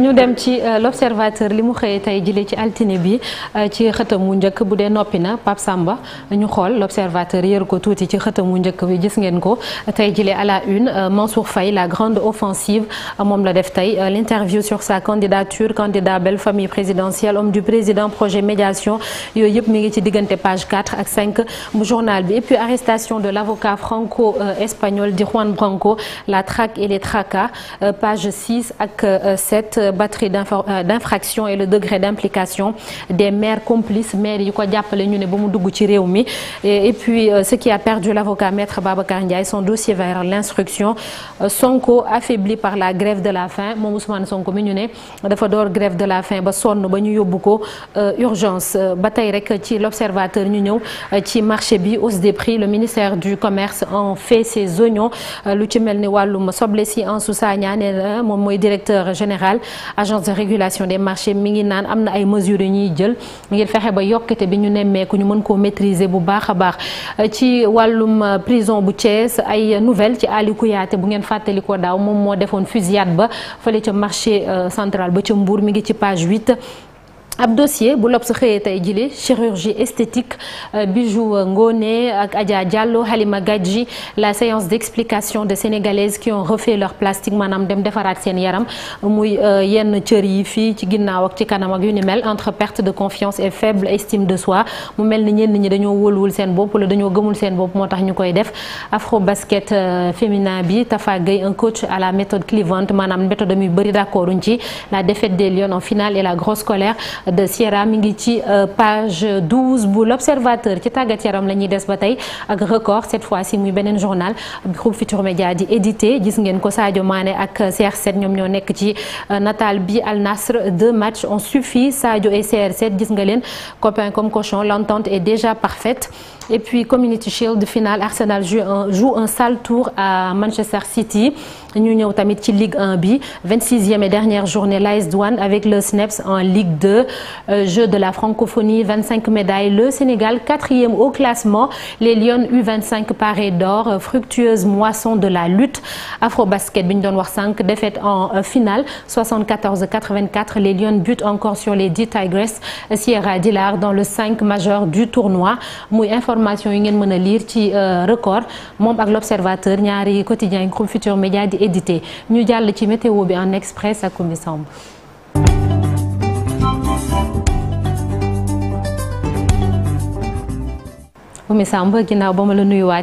ñu dem ci euh, l'observateur li mu xëyee tey jëlee ci altine bi euh, ci xëtam mu njëkk bu dee noppi na Pape Samba ñu xool l'observateur yër ko tuuti ci xëtam mu njëkk bi gis ngeen ko tey jëlee à la une euh, Mansour Faye la grande offensive moom la def tey l'interview sur sa candidature candidat belle famille présidentielle homme du président projet médiation yooyu yëpp mi ngi ci diggante page 4 ak 5 bu journal bi et puis arrestation de l'avocat franco-espagnol di Juan Branco la traque et les tracas page 6 ak 7 batterie euh, d'infraction et le degré d'implication des maires complices maires yi ko jàppale ñu ne ba mu dugg ci réew mi et puis euh, ce qui a perdu l'avocat maître Babacar Ndiaye son dossier vers l'instruction euh, Sonko affaibli par la grève de la faim moom Ousmane Sonko mi ñu ne dafa door grève de la faim ba sonn ba ñu yóbbu ko urgence ba tey ci l'observateur ñu ñëw ci marché bi hausse des prix le ministère du commerce en fait ses oignons lu ci mel agence de régulation des marchés mi ngi naan am na ay mesures yu ñuy jël mu ngir fexe ba yokkute bi ñu nemmeeku ñu mën koo maîtriser bu baax a baax ci wàllum euh, prison bu Thiès ay nouvelle ci Ali bu ngeen fàttalikoo daaw moom moo defoon fusillade ba fële ca marché euh, central ba ca mbuur mi ngi ci page 8 ab dossier bu lob sa xëyee tey jile chirurgie esthétique euh, Bijou euh, Ngoné ak Adja Diallo Halima Gadji la séance d'explication des Sénégalaises qui ont refait leur plastique maanaam dem defaraat seen yaram muy euh, yenn cër yi fii ci ginnaaw ak ci kanam ak yu ni mel entre perte de confiance et faible estime de soi mu mel ni ñeen ñi dañoo wóoluwul seen bopp wala dañoo gëmul seen bopp moo tax ñu koy def afro basket féminin bi Tafa Gueye un coach à la méthode clivante maanaam méthode bëri d'accorduñ ci la défaite des Lions de Sierra mi ngi ci euh, page 12 bu l'observateur ci tàggat yaram la ñuy des ba tey ak record cette fois ci muy beneen journal groupe Futur Média di édité gis ngeen ko saajo maane ak CR7 ñoom ñoo nekk ci euh, natal bi Al Nassr deux matchs ont suffi Sadio et CR7 gis nga leen copain comme cochon l'entente est déjà parfaite Et puis Community Shield finale Arsenal joue un joue un tamit ci Ligue 1 bi 26e et dernière journée l'AS Douanes avec le en Ligue 2 euh, jeu de la francophonie 25 médailles le Sénégal quatrième au classement les Lions U25 parés d'or fructueuse moisson de la lutte Afrobasket bi ñu doon wax sànq défaite en euh, finale 74-84 les Lions butent encore sur les D Tigress Sierra Dillard dans le 5 majeur du tournoi muy information yi ngeen mën a lire ci euh, record moom ak l'observateur ñaari quotidien yi Groupe Futurs Médias di édité ñu jàll ci météo bi en express ak Oumy Samb Oumy Samb ginnaaw ba ma la nuyuwaat